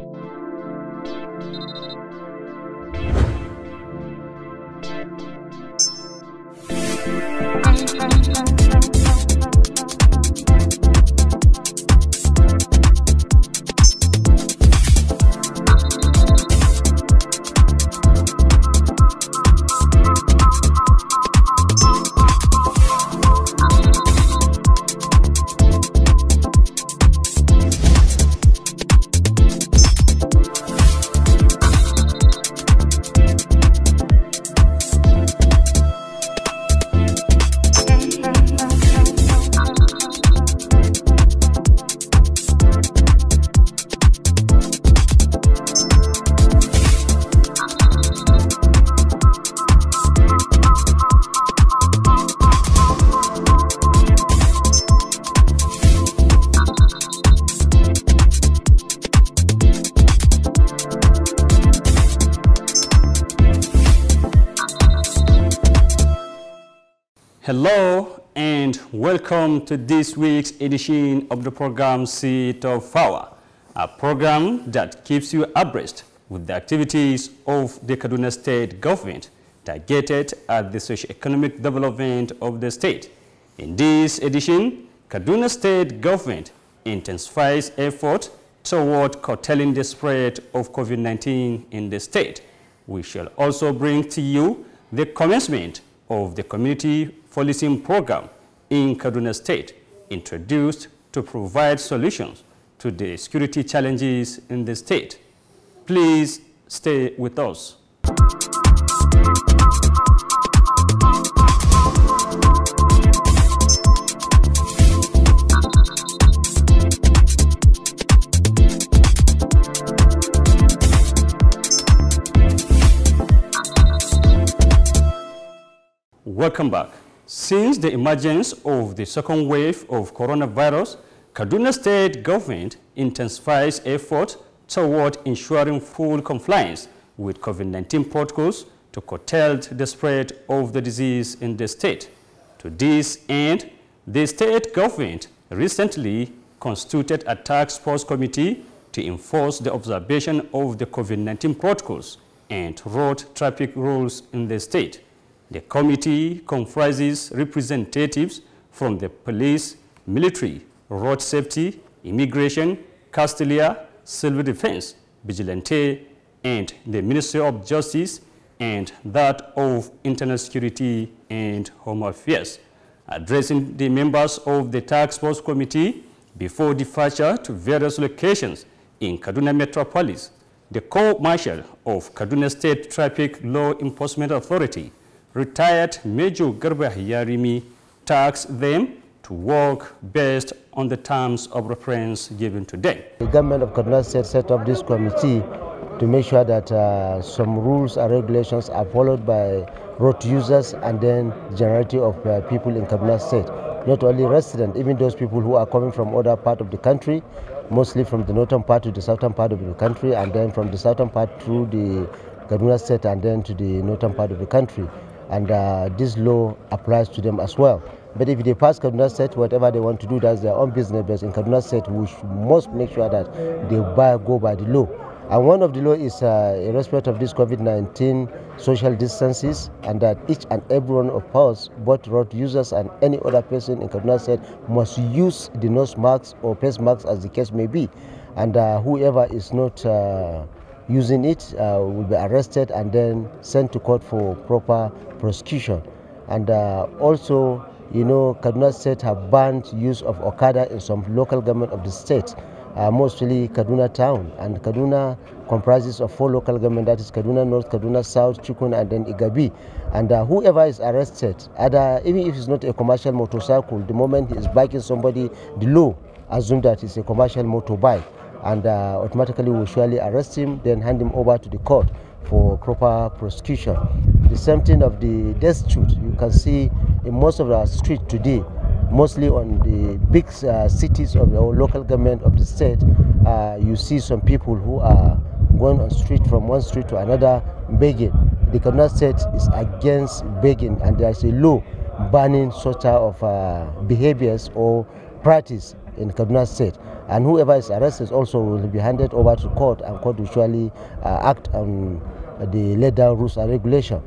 Música Welcome to this week's edition of the program Seat of Power, a program that keeps you abreast with the activities of the Kaduna State government targeted at the socio-economic development of the state. In this edition, Kaduna State government intensifies effort toward curtailing the spread of COVID-19 in the state. We shall also bring to you the commencement of the Community Policing Program in Kaduna State introduced to provide solutions to the security challenges in the state. Please stay with us. Welcome back. Since the emergence of the second wave of coronavirus, Kaduna State government intensifies efforts toward ensuring full compliance with COVID-19 protocols to curtail the spread of the disease in the state. To this end, the state government recently constituted a task force committee to enforce the observation of the COVID-19 protocols and road traffic rules in the state. The committee comprises representatives from the police, military, road safety, immigration, Castelia, civil defense, vigilante, and the Ministry of Justice and that of Internal Security and Home Affairs. Addressing the members of the task force committee before departure to various locations in Kaduna Metropolis, the co-marshal of Kaduna State Traffic Law Enforcement Authority, retired Major Garba Yarimi tasked them to work based on the terms of reference given today. The government of Kaduna State set up this committee to make sure that uh, some rules and regulations are followed by road users and then the generality of uh, people in Kaduna State. Not only residents, even those people who are coming from other part of the country, mostly from the northern part to the southern part of the country, and then from the southern part through the Kaduna State and then to the northern part of the country and uh, this law applies to them as well. But if they pass Kaduna State, whatever they want to do, that's their own business. But in Kaduna State, we must make sure that they buy, go by the law. And one of the law is uh, in respect of this COVID-19 social distances and that each and every one of us, both road users and any other person in Kaduna State, must use the nose masks or face masks as the case may be. And uh, whoever is not uh, using it uh, will be arrested and then sent to court for proper prosecution. And uh, also, you know, Kaduna State have banned use of Okada in some local government of the state, uh, mostly Kaduna Town. And Kaduna comprises of four local government, that is Kaduna North, Kaduna South, Chukun, and then Igabi. And uh, whoever is arrested, either, uh, even if it's not a commercial motorcycle, the moment he is biking somebody, the law assumes that it's a commercial motorbike and uh, automatically will surely arrest him, then hand him over to the court for proper prosecution. The same thing of the destitute, you can see in most of our streets today, mostly on the big uh, cities of our local government of the state, uh, you see some people who are going on street from one street to another begging. The Kaduna State is against begging and there's a law banning such type uh, of uh, behaviors or practice in Kaduna State. And whoever is arrested also will be handed over to court, and court will uh, act on the laid down rules and regulation.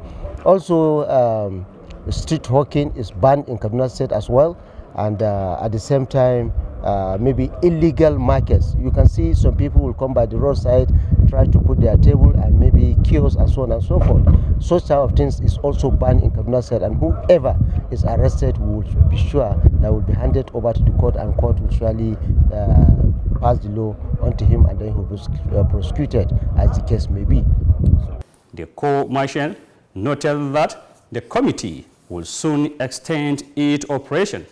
Also, um, street hawking is banned in Kaduna State as well, and uh, at the same time, uh, maybe illegal markets. You can see some people will come by the roadside, try to put their table and maybe kiosks and so on and so forth. Such type of things is also banned in Kaduna side. and whoever is arrested will be sure that will be handed over to the court and court will surely uh, pass the law onto him and then he will be uh, prosecuted as the case may be. The co-marshal noted that the committee will soon extend its operation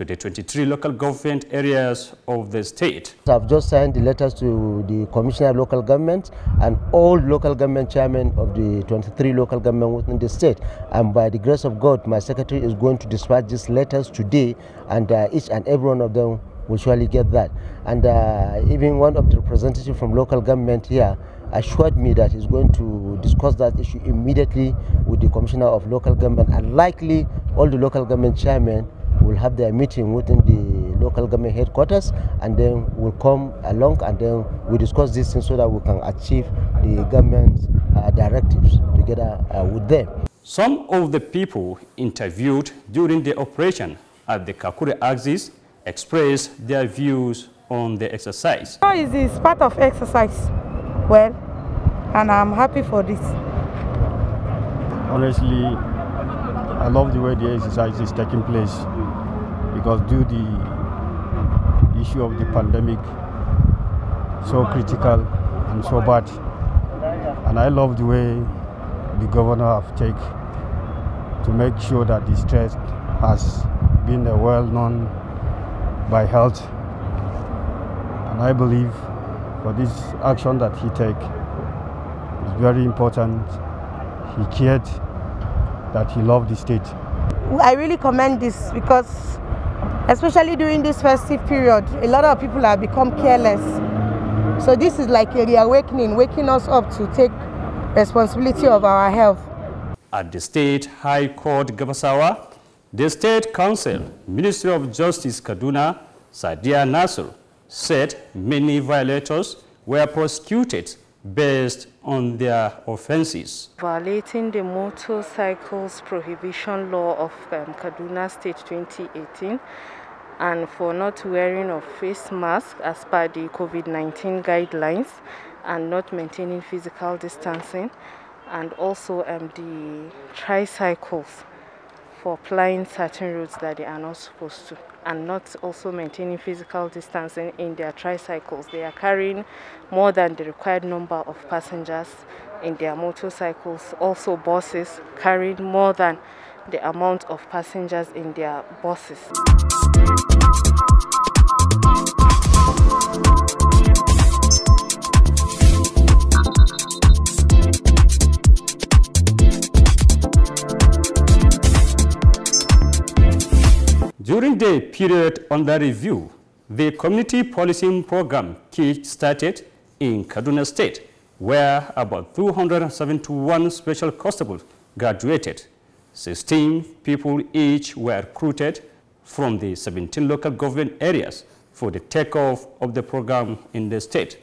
to the 23 local government areas of the state. I've just signed the letters to the Commissioner of Local Government and all local government chairmen of the 23 local government within the state. And by the grace of God, my secretary is going to dispatch these letters today and uh, each and every one of them will surely get that. And uh, even one of the representatives from local government here assured me that he's going to discuss that issue immediately with the Commissioner of Local Government and likely all the local government chairmen We'll have their meeting within the local government headquarters and then we'll come along and then we discuss this thing so that we can achieve the government's uh, directives together uh, with them. Some of the people interviewed during the operation at the Kakure Axis expressed their views on the exercise. So it is part of exercise. Well, and I'm happy for this. Honestly, I love the way the exercise is taking place because due the issue of the pandemic so critical and so bad and I love the way the governor have take to make sure that the stress has been well known by health and I believe for this action that he take is very important he cared that he loved the state I really commend this because Especially during this festive period, a lot of people have become careless. So this is like a reawakening, waking us up to take responsibility of our health. At the State High Court Gabasawa, the State Council, Ministry of Justice Kaduna, Sadia Nasser, said many violators were prosecuted based on their offenses. Violating the motorcycles prohibition law of um, Kaduna State 2018 and for not wearing a face mask as per the COVID-19 guidelines and not maintaining physical distancing and also um, the tricycles for plying certain routes that they are not supposed to and not also maintaining physical distancing in their tricycles. They are carrying more than the required number of passengers in their motorcycles, also buses carrying more than the amount of passengers in their buses. three-day period under review, the community policing program kick-started in Kaduna State, where about 271 special constables graduated. 16 people each were recruited from the 17 local government areas for the takeoff of the program in the state.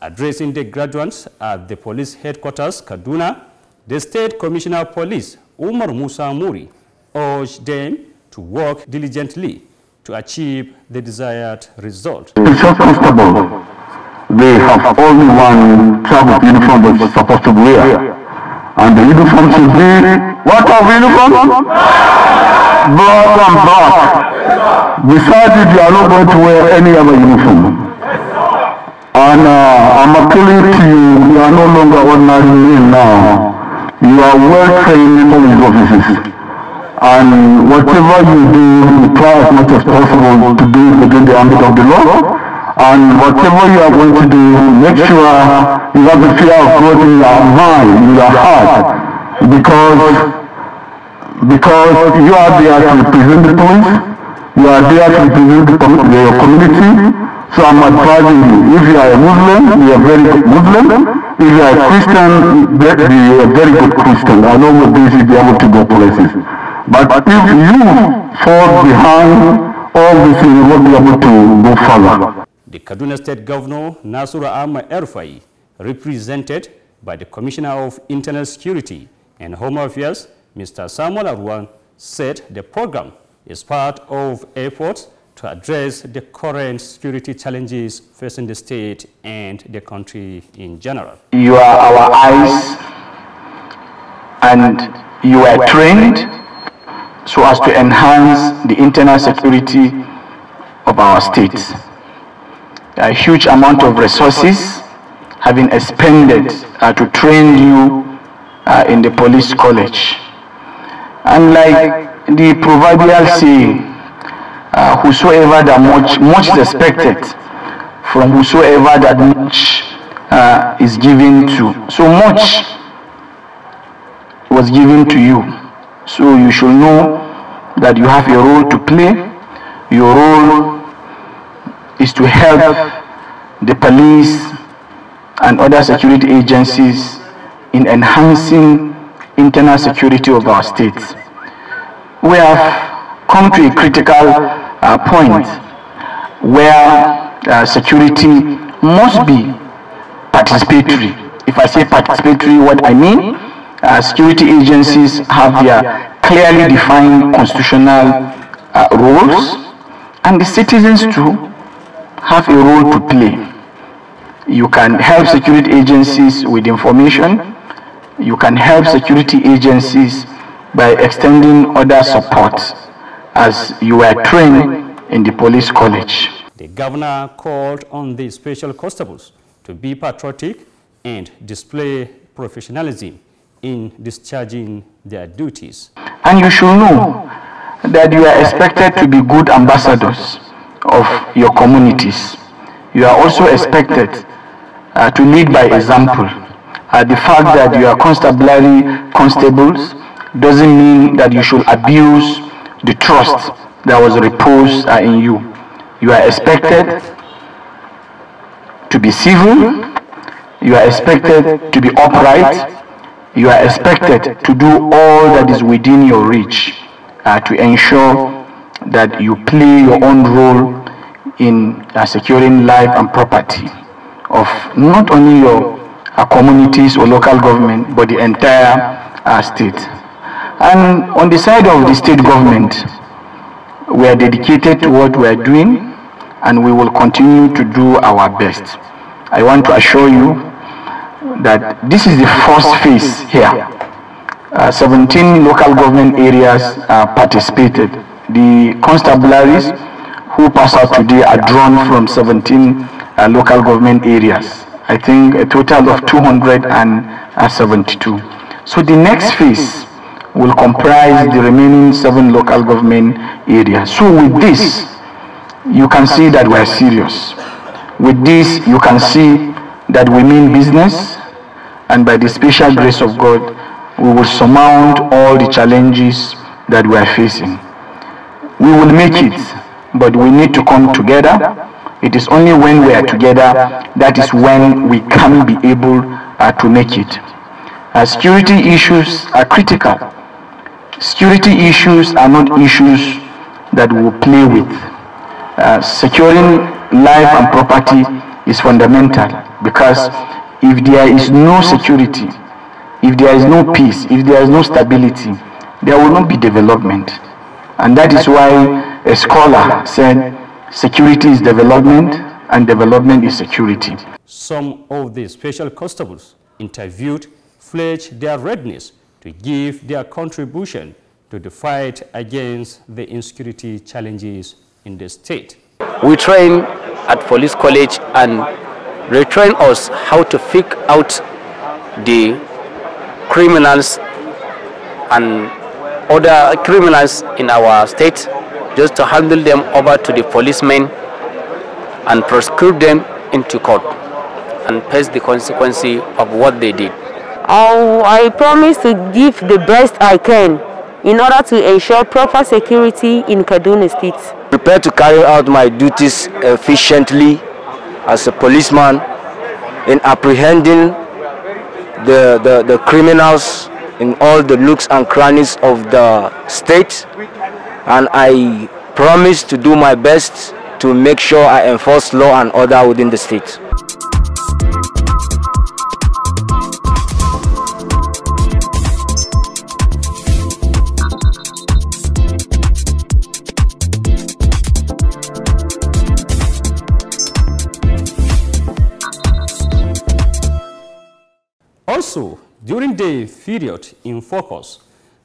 Addressing the graduates at the police headquarters, Kaduna, the state commissioner of police, Umar Musa Muri, urged them to work diligently to achieve the desired result. It's they have only one travel uniform was supposed to wear. And the uniform should be what of uniform? Black and black. Besides you are not going to wear any other uniform. And uh, I'm appealing to you, you are no longer ordinary men now. You are well trained in police officers. And whatever you do, you try as much as possible to do within the ambit of the law. And whatever you are going to do, make sure you have the fear of God in your mind, in your heart. Because because you are there to represent the police, you are there to represent the, your community. So I'm advising you, if you are a Muslim, you are very good Muslim. If you are a Christian, you are very good Christian. I know what this is, be able to go places. But if you fall behind, these you won't be able to go further. The Kaduna State Governor, Nasura Ahmad Erfai, represented by the Commissioner of Internal Security and Home Affairs, Mr. Samuel Arwan, said the program is part of efforts to address the current security challenges facing the state and the country in general. You are our eyes and you are trained so as to enhance the internal security of our state, A huge amount of resources have been expended uh, to train you uh, in the police college. And like the proverbial saying, uh, whosoever that much, much is expected from whosoever that much uh, is given to. So much was given to you. So you should know that you have a role to play. Your role is to help the police and other security agencies in enhancing internal security of our states. We have come to a critical uh, point where uh, security must be participatory. If I say participatory, what I mean, uh, security agencies have their clearly defined constitutional uh, uh roles, and the citizens too have a role to play. You can help security agencies with information. You can help security agencies by extending other support as you were trained in the police college. The governor called on the special constables to be patriotic and display professionalism in discharging their duties. And you should know that you are expected to be good ambassadors of your communities. You are also expected uh, to lead by example. Uh, the fact that you are constabulary constables doesn't mean that you should abuse the trust that was reposed uh, in you. You are expected to be civil, you are expected to be upright, you are expected to do all that is within your reach uh, to ensure that you play your own role in uh, securing life and property of not only your uh, communities or local government but the entire uh, state. And on the side of the state government, we are dedicated to what we are doing and we will continue to do our best. I want to assure you that this is the first phase here. Uh, 17 local government areas uh, participated. The constabularies who pass out today are drawn from 17 uh, local government areas. I think a total of 272. Uh, so the next phase will comprise the remaining seven local government areas. So with this, you can see that we are serious. With this, you can see that we mean business, and by the special grace of God, we will surmount all the challenges that we are facing. We will make it, but we need to come together. It is only when we are together that is when we can be able uh, to make it. Uh, security issues are critical. Security issues are not issues that we will play with. Uh, securing life and property is fundamental because if there is no security, if there is no peace, if there is no stability, there will not be development. And that is why a scholar said security is development and development is security. Some of the special constables interviewed pledged their readiness to give their contribution to the fight against the insecurity challenges in the state. We train at police college and retrain us how to pick out the criminals and other criminals in our state just to handle them over to the policemen and prosecute them into court and face the consequence of what they did. Oh, I promise to give the best I can in order to ensure proper security in Kaduna State prepare to carry out my duties efficiently as a policeman in apprehending the, the, the criminals in all the nooks and crannies of the state and I promise to do my best to make sure I enforce law and order within the state. Also, during the period in focus,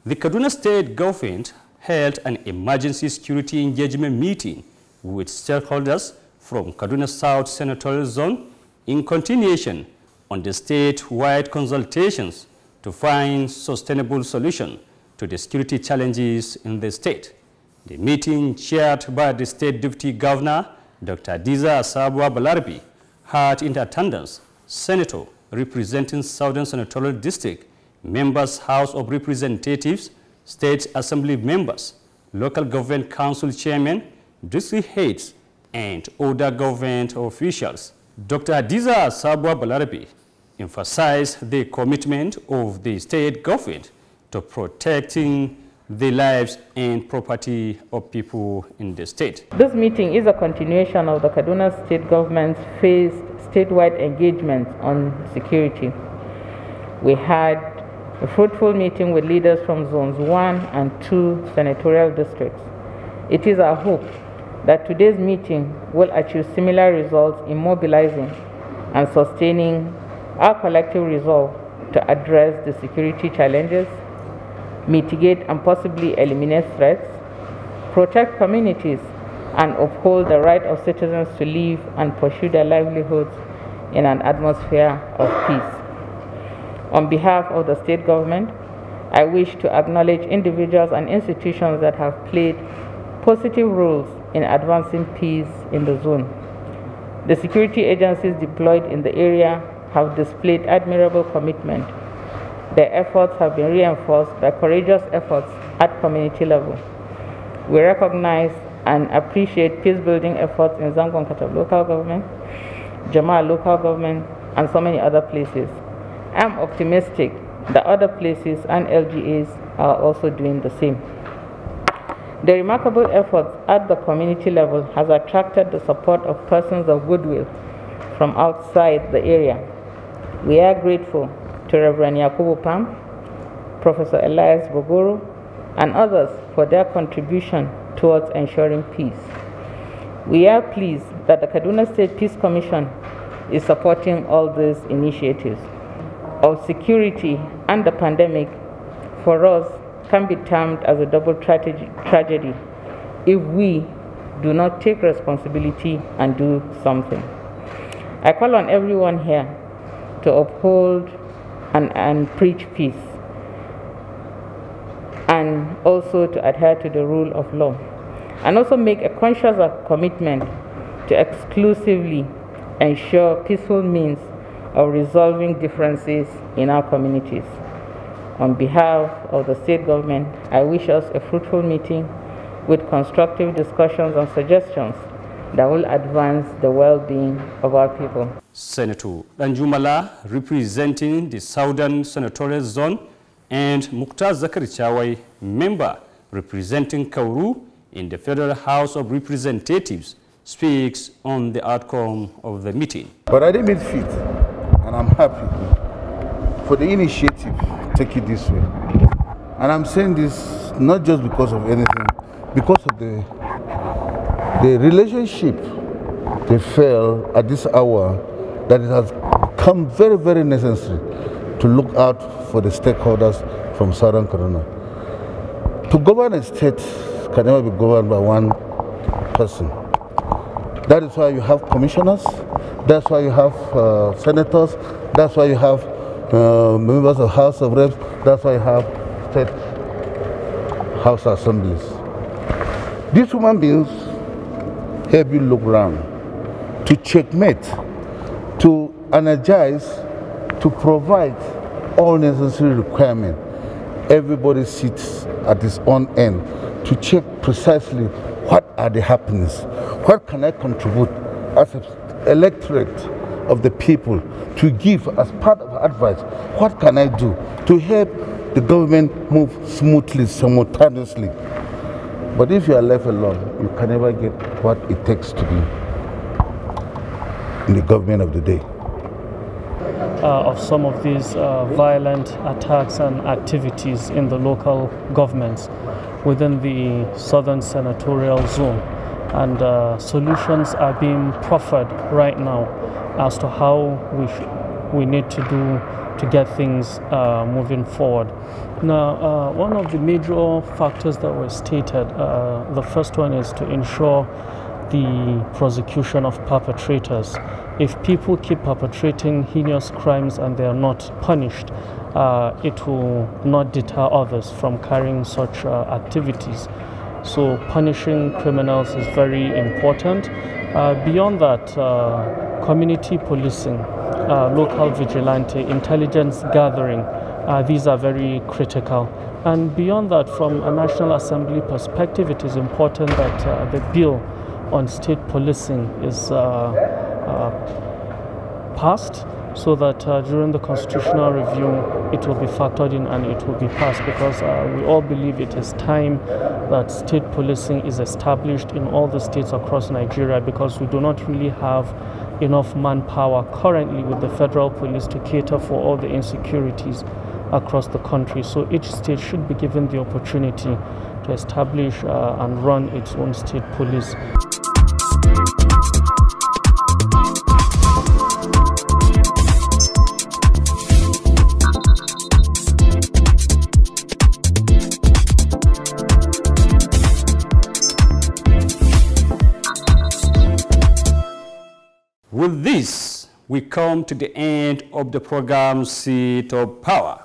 the Kaduna State government held an emergency security engagement meeting with stakeholders from Kaduna South Senatorial Zone in continuation on the state-wide consultations to find sustainable solution to the security challenges in the state. The meeting, chaired by the state deputy governor, Dr. Diza Sabwa Balarabi, had in attendance Senator representing Southern Senatorial District, members House of Representatives, State Assembly members, local government council chairmen, district heads, and other government officials. Dr. Adiza Sabwa Balarabi emphasized the commitment of the state government to protecting the lives and property of people in the state. This meeting is a continuation of the Kaduna state government's phased statewide engagements on security. We had a fruitful meeting with leaders from zones 1 and 2 senatorial districts. It is our hope that today's meeting will achieve similar results in mobilizing and sustaining our collective resolve to address the security challenges, mitigate and possibly eliminate threats, protect communities and uphold the right of citizens to live and pursue their livelihoods in an atmosphere of peace. On behalf of the state government, I wish to acknowledge individuals and institutions that have played positive roles in advancing peace in the zone. The security agencies deployed in the area have displayed admirable commitment. Their efforts have been reinforced by courageous efforts at community level. We recognize and appreciate peace building efforts in Zangon Katab local government, Jamal local government, and so many other places. I'm optimistic that other places and LGAs are also doing the same. The remarkable efforts at the community level has attracted the support of persons of goodwill from outside the area. We are grateful to Reverend Yakubu Pam, Professor Elias Bogoro, and others for their contribution towards ensuring peace. We are pleased that the Kaduna State Peace Commission is supporting all these initiatives. Our security and the pandemic for us can be termed as a double tragedy if we do not take responsibility and do something. I call on everyone here to uphold and, and preach peace and also to adhere to the rule of law and also make a conscious commitment to exclusively ensure peaceful means of resolving differences in our communities. On behalf of the state government, I wish us a fruitful meeting with constructive discussions and suggestions that will advance the well-being of our people. Senator Danjumala, representing the Southern Senatorial Zone, and Mukhtar Zakari Chawai, member representing Kauru, in the Federal House of Representatives speaks on the outcome of the meeting. But I didn't fit, and I'm happy for the initiative take it this way. And I'm saying this not just because of anything, because of the, the relationship they fell at this hour that it has become very, very necessary to look out for the stakeholders from Southern Corona. To govern a state can never be governed by one person. That is why you have commissioners, that's why you have uh, senators, that's why you have uh, members of House of Reps, that's why you have state House assemblies. These human beings help you look around to checkmate, to energize, to provide all necessary requirements. Everybody sits at his own end to check precisely what are the happenings, what can I contribute as an electorate of the people to give as part of advice, what can I do to help the government move smoothly, simultaneously. But if you are left alone, you can never get what it takes to be in the government of the day. Uh, of some of these uh, violent attacks and activities in the local governments within the southern senatorial zone. And uh, solutions are being proffered right now as to how we, we need to do to get things uh, moving forward. Now, uh, one of the major factors that were stated, uh, the first one is to ensure the prosecution of perpetrators. If people keep perpetrating heinous crimes and they are not punished, uh, it will not deter others from carrying such uh, activities. So, punishing criminals is very important. Uh, beyond that, uh, community policing, uh, local vigilante, intelligence gathering, uh, these are very critical. And beyond that, from a National Assembly perspective, it is important that the bill on state policing is uh, uh, passed so that uh, during the constitutional review it will be factored in and it will be passed because uh, we all believe it is time that state policing is established in all the states across Nigeria because we do not really have enough manpower currently with the federal police to cater for all the insecurities across the country. So each state should be given the opportunity to establish uh, and run its own state police. with this, we come to the end of the program Seat of Power.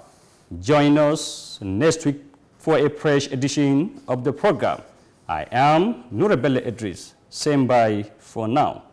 Join us next week for a fresh edition of the program. I am Nurabelle Idris. Same bye for now.